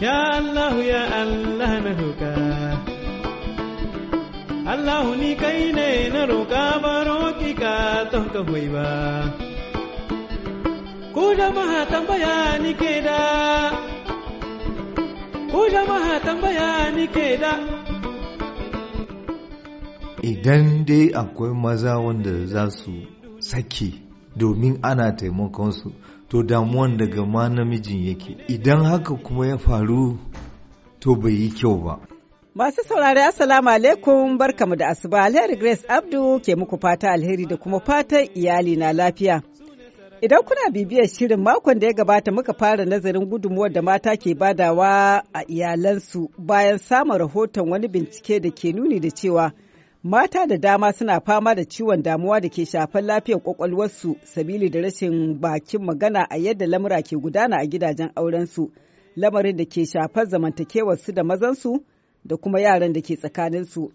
Ya Allah ya Allah na roƙa Allah ni kai ne na roƙa baro ki ka ton ka ba Ku jama'a tambaya ni ke da Ku jama'a tambaya ni ke da Idan dai akwai maza wanda za su sake domin ana taimakon su. to damuwan daga ma namijin yake idan haka kuma ya faru to bai yi kyau ba masu saurari assalamu alaikum barkamu da asuba alheri grace abdu ke muku fata alheri da kuma fatan iyali na lafiya Idan kuna bibiyar shirin makon da ya gabata muka fara nazarin gudunmuwar da mata ke badawa a iyalansu bayan samun rahoton wani bincike da ke nuni da cewa Mata da dama suna fama da ciwon damuwa da ke shafar lafiyar kwakwalwarsu sabili da rashin bakin magana a yadda lamura ke gudana a gidajen aurensu, lamarin da ke shafar su da mazansu da kuma yaran da ke tsakaninsu.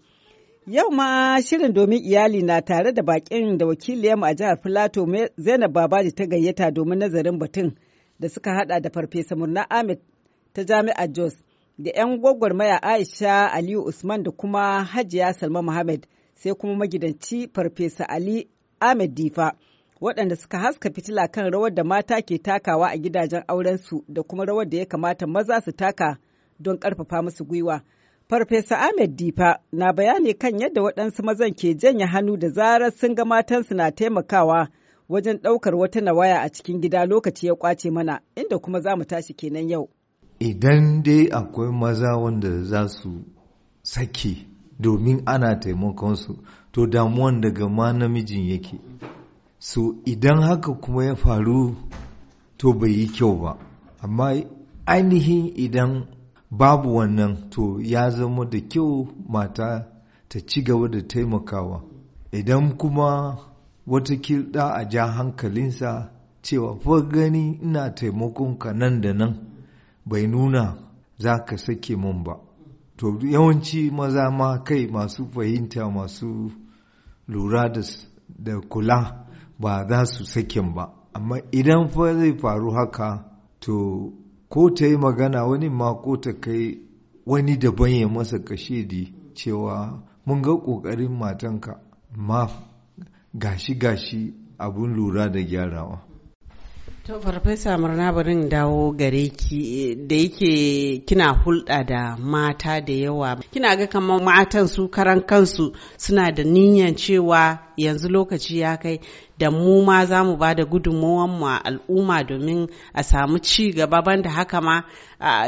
Yau ma shirin domin iyali na tare da bakin da wakiliyarmu a jihar Filato Zainab Babaji ta gayyata domin nazarin batun da suka hada da Farfesa Murna Ahmed ta Jami'ar Jos da 'yan gwagwarmaya Aisha Aliyu Usman da kuma Hajiya Salma Muhammad sai kuma magidanci Farfesa Ali Ahmed Difa waɗanda suka haska fitila kan rawar da mata ke takawa a gidajen aurensu da kuma rawar da ya kamata maza su taka don ƙarfafa musu gwiwa. Farfesa Ahmed Difa na bayani kan yadda waɗansu mazan ke janye hannu da zarar sun ga matansu na taimakawa wajen ɗaukar wata nawaya a cikin gida lokaci ya ƙwace mana inda kuma za mu tashi kenan yau. idan dai akwai maza wanda za su sake domin ana taimakonsu to damuwan daga ma namijin yake so idan haka kuma ya faru to bai yi kyau ba amma ainihin idan babu wannan to ya zama da kyau mata ta ci gaba da taimakawa idan kuma wata kirɗa a ja hankalinsa cewa fa gani ina taimakon ka nan da nan bai nuna za ka sake mun ba to yawanci maza ma kai masu fahimta masu lura da kula ba za su saken ba amma idan fa zai faru haka to ko ta yi magana wani ma ko ta kai wani daban ya masa kashedi cewa mun ga ƙoƙarin matanka ma gashi-gashi abun lura da gyarawa To farfesa murna barin dawo gare ki da yake kina hulɗa da mata da yawa. Kina ga kamar matan su karan kansu suna da niyyar cewa yanzu lokaci ya kai da mu ma za mu ba da gudunmowar mu a al'umma domin a samu ci gaba banda haka ma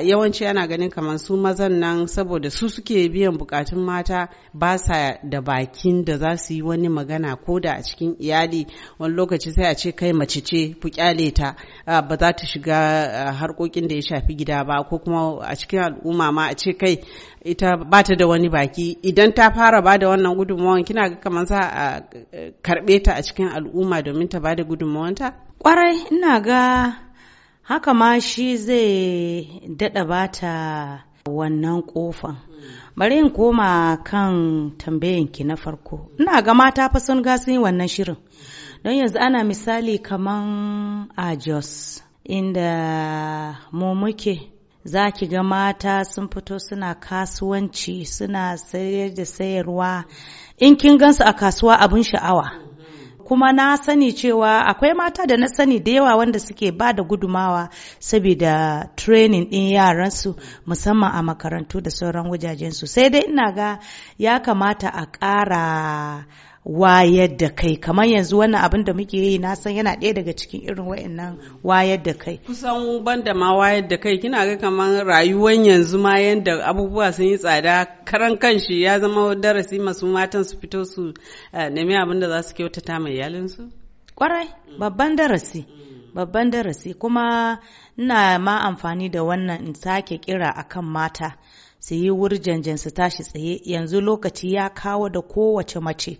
yawanci ana ganin kamar su mazan nan saboda su suke biyan bukatun mata ba sa da bakin da za su yi wani magana ko da a cikin iyali wani lokaci sai a ce kai mace ce kyale ta ba za ta shiga harkokin da ya shafi gida ba ko kuma a cikin al'umma ma a ce kai ita ba ta da wani baki idan ta fara ba da wannan gudunmawar kina ga kamar za a karɓe ta a cikin al'umma domin ta bada gudunmawanta? Kwarai ina ga haka ma shi zai daɗa bata wannan kofan. Bari in koma kan ki na farko. Ina ga mata fa sun ga wannan shirin. Don yanzu ana misali kaman a Jos inda mu muke. za ki ga mata sun fito suna kasuwanci suna sayar da sayarwa in kin gansu a kasuwa abin sha'awa kuma na sani cewa akwai mata da na sani da yawa wanda suke ba da gudumawa saboda training din yaransu musamman a makarantu da sauran wajajensu sai dai ina ga ya kamata a ƙara wayar da kai kamar yanzu wannan abin da muke yi na san yana ɗaya daga cikin irin wayannan wayar da kai kusan ban da ma wayar da kai kina ga kamar rayuwar yanzu ma yanda abubuwa sun yi tsada karan kanshi ya zama darasi masu matan su fito su eh, nemi abin da za su kyautata mai iyalinsu kwarai mm. babban darasi mm. babban darasi kuma ina ma amfani da wannan in sake kira akan mata su yi wurjanjan su tashi tsaye yanzu lokaci ya kawo da kowace mace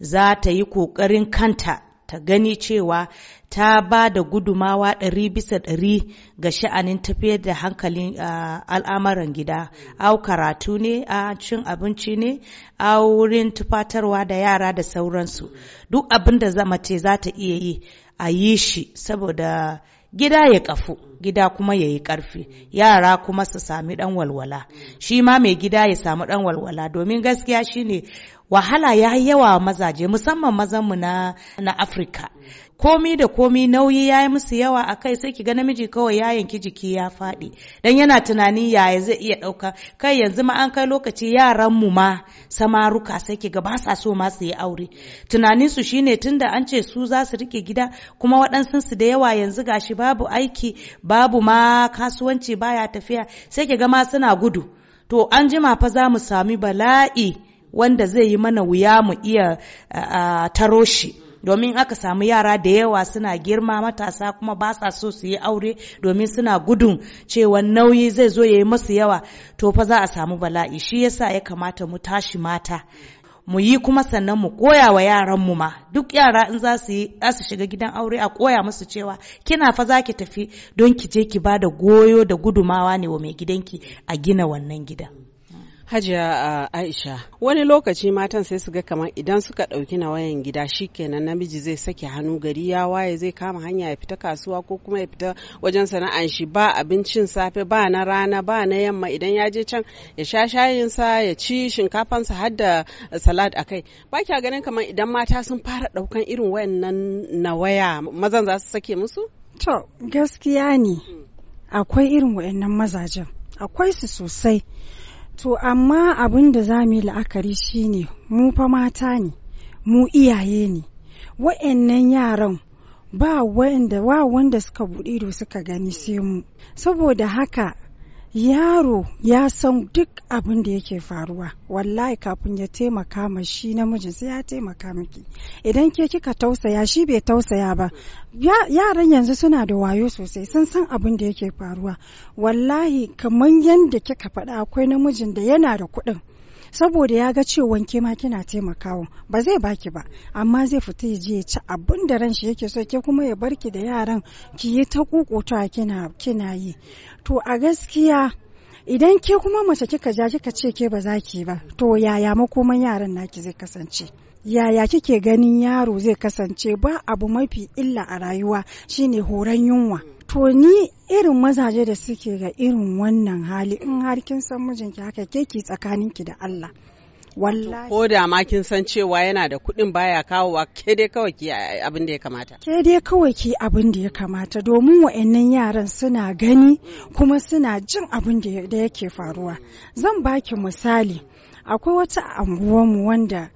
za ta yi ƙoƙarin kanta ta gani cewa ta ba da gudumawa ɗari bisa ɗari ga sha'anin tafiyar da hankalin al'amuran gida au karatu ne a cin abinci ne a wurin tufatarwa da yara da sauransu duk abin da mace za ta iya yi a yi shi saboda gida ya kafu gida kuma ya yi ƙarfi yara kuma su sami ɗan walwala shi ma mai gida ya samu ɗan walwala domin gaskiya shine wahala ya yawa mazaje musamman mazanmu na afirka komi da komi nauyi ya yi musu yawa a kai sai ki ga namiji kawai ya yanki jiki ya faɗi dan yana tunani yaya zai iya ɗauka kai yanzu ma an kai lokaci yaran mu ma samaruka sai ki ga ba sa so ma su yi aure tunanin su shine tunda an ce su za su rike gida kuma waɗansu su da yawa yanzu gashi babu aiki babu ma kasuwanci baya tafiya sai ki ga ma suna gudu to an jima fa za mu sami bala'i wanda zai yi mana wuya mu iya taro shi domin aka samu yara da yawa suna girma matasa kuma ba sa so su yi aure domin suna gudun cewa nauyi zai zo ya yi masu yawa to fa za a samu bala'i shi yasa ya kamata mu tashi mata mu yi kuma sannan mu koya wa mu ma duk yara in za su yi za su shiga gidan aure a koya musu cewa kina fa za ki tafi don ki je ki ba da goyo da gudumawa ne wa mai gidanki a gina wannan gidan. Hajiya uh, Aisha wani lokaci matan sai su ga kamar idan suka ɗauki na wayan gida shikenan namiji zai sake hannu gari ya waye zai kama hanya ya fita kasuwa ko kuma ya fita wajen sana'an shi ba abincin safe ba na rana ba na yamma idan ya je can ya sha shayin ya ci shinkafan sa har da salad kai. ba kya ganin kamar idan mata sun fara ɗaukan irin wayannan na waya mazan za su sake musu to gaskiya ne akwai irin wayannan mazajen akwai su sosai To amma abin da za mu yi la'akari ne mu fa mata ne, mu iyaye ne, wa'annan yaran ba wanda wanda suka buɗe ido suka gani sai mu. Saboda haka yaro ya san duk abin da yake faruwa wallahi kafin ya taimaka ma shi namijin sai ya taimaka miki idan ke kika tausaya shi bai tausaya ba yaran yanzu suna da wayo sosai sun san abin da yake faruwa wallahi kamar yadda kika faɗa akwai namijin da yana da kuɗin saboda ya ga cewa ke ma kina taimakawa ba zai baki ba amma zai fita ya je ya ci abin da ran shi yake so ke kuma ya barki da yaran ki yi ta kukuta kina kina yi to a gaskiya idan ke kuma mace kika ja kika ce ke ba za ki ba to yaya makoman yaran naki zai kasance yaya kike ganin yaro zai kasance ba abu mafi illa a rayuwa shine horon yunwa to ni irin mazaje da suke ga irin wannan hali in har kin san mijinki haka ke tsakaninki da Allah wallahi ko da ma kin san cewa yana da kuɗin baya wa ke dai kawai ki abin da ya kamata ke dai kawai ki abin da ya kamata domin wa'annan yaran suna gani kuma suna jin abin da yake faruwa zan baki misali akwai wata anguwanmu wanda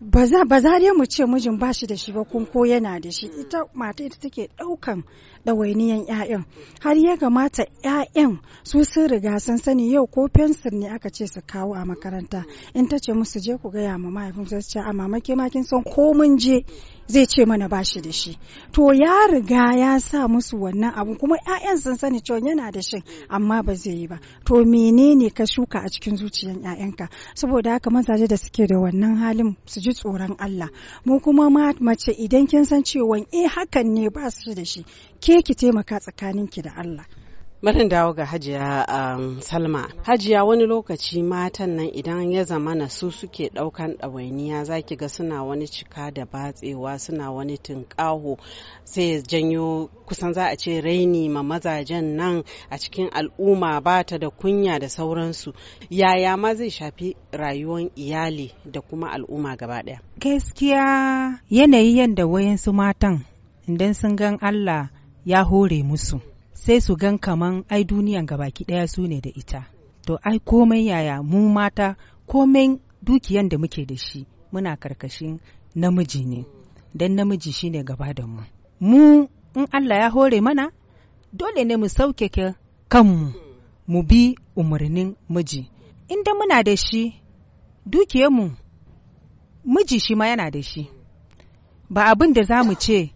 ba za ba mu ce mijin ba shi da shi ba kun ko yana da shi ita mata ita take ɗaukan. ɗawainiyan 'ya'yan har ya kamata 'ya'yan su sun riga sun sani yau ko fensir ne aka ce su kawo a makaranta in ta ce musu je ku gaya ma mahaifin su ce a mamaki ma kin san ko mun je zai ce mana ba shi da shi to ya riga ya sa musu wannan abu kuma 'ya'yan sun sani cewa yana da shi amma ba zai yi ba to menene ka shuka a cikin zuciyan 'ya'yanka saboda haka mazaje da suke da wannan halin su ji tsoron Allah mu kuma mace idan kin san cewa eh hakan ne ba su da shi ke ki taimaka tsakaninki da Allah. Barin dawo ga Hajiya um, Salma. Hajiya wani lokaci matan nan idan ya zama na su suke ɗaukan ɗawainiya za ki ga suna wani cika da batsewa suna wani tunƙaho sai ya janyo kusan za a ce raini ma mazajen nan a cikin al'umma ba ta da kunya da sauransu. Yaya ma zai shafi rayuwar iyali da kuma al'umma gaba ɗaya? Gaskiya yanayi yadda wayansu matan idan sun gan Allah ya hore musu sai su gan kaman ai duniyan ga baki ɗaya su ne da ita to ai komai yaya mu mata komai dukiyan da muke da shi muna karkashin namiji ne don namiji shine gaba da mu mu in Allah ya hore mana dole ne mu sauke kanmu mu bi umarnin miji inda muna da shi dukiyarmu miji shi ma yana da shi ba abin da za mu ce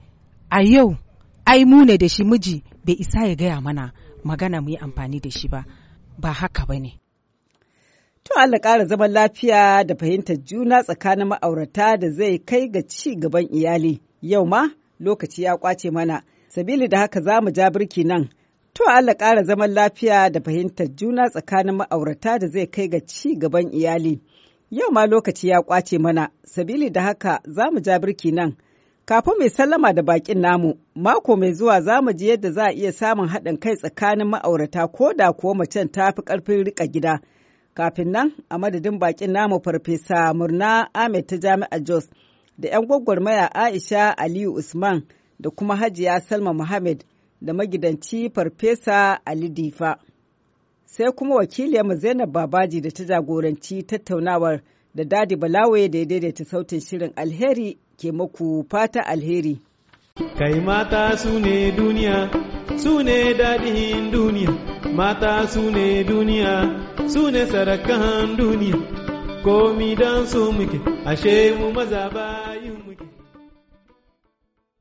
a yau ai mu ne da shi miji bai isa ya gaya mana magana mu yi amfani da shi ba ba haka ba ne. To Allah ƙara zaman lafiya da fahimtar juna tsakanin ma'aurata da zai kai ga ci gaban iyali. Yau ma lokaci ya ƙwace mana, sabili da haka za mu ja birki nan. To Allah ƙara zaman lafiya da fahimtar juna tsakanin ma'aurata da zai kai ga ci gaban iyali. Yau ma lokaci ya ƙwace mana, sabili da haka za mu ja birki nan. Kafin mai sallama da bakin namu, mako mai zuwa za mu ji yadda za a iya samun haɗin kai tsakanin ma'aurata ko da kuwa macen ta fi ƙarfin riƙa gida. Kafin nan, a madadin bakin namu farfesa Murna Ahmed ta Jami'ar Jos da 'yan gwagwarmaya Aisha Aliyu Usman da kuma Hajiya Salma Muhammad da magidanci farfesa Ali Difa. Sai kuma wakiliyarmu Zainab Babaji da ta jagoranci tattaunawar. da Dadi Balawai da ya daidaita sautin shirin alheri ke maku fata alheri. Kai mata su ne duniya, su ne dadihin duniya, mata su ne duniya, su ne sarakan duniya, komi don su muke, ashe mu maza bayin muke.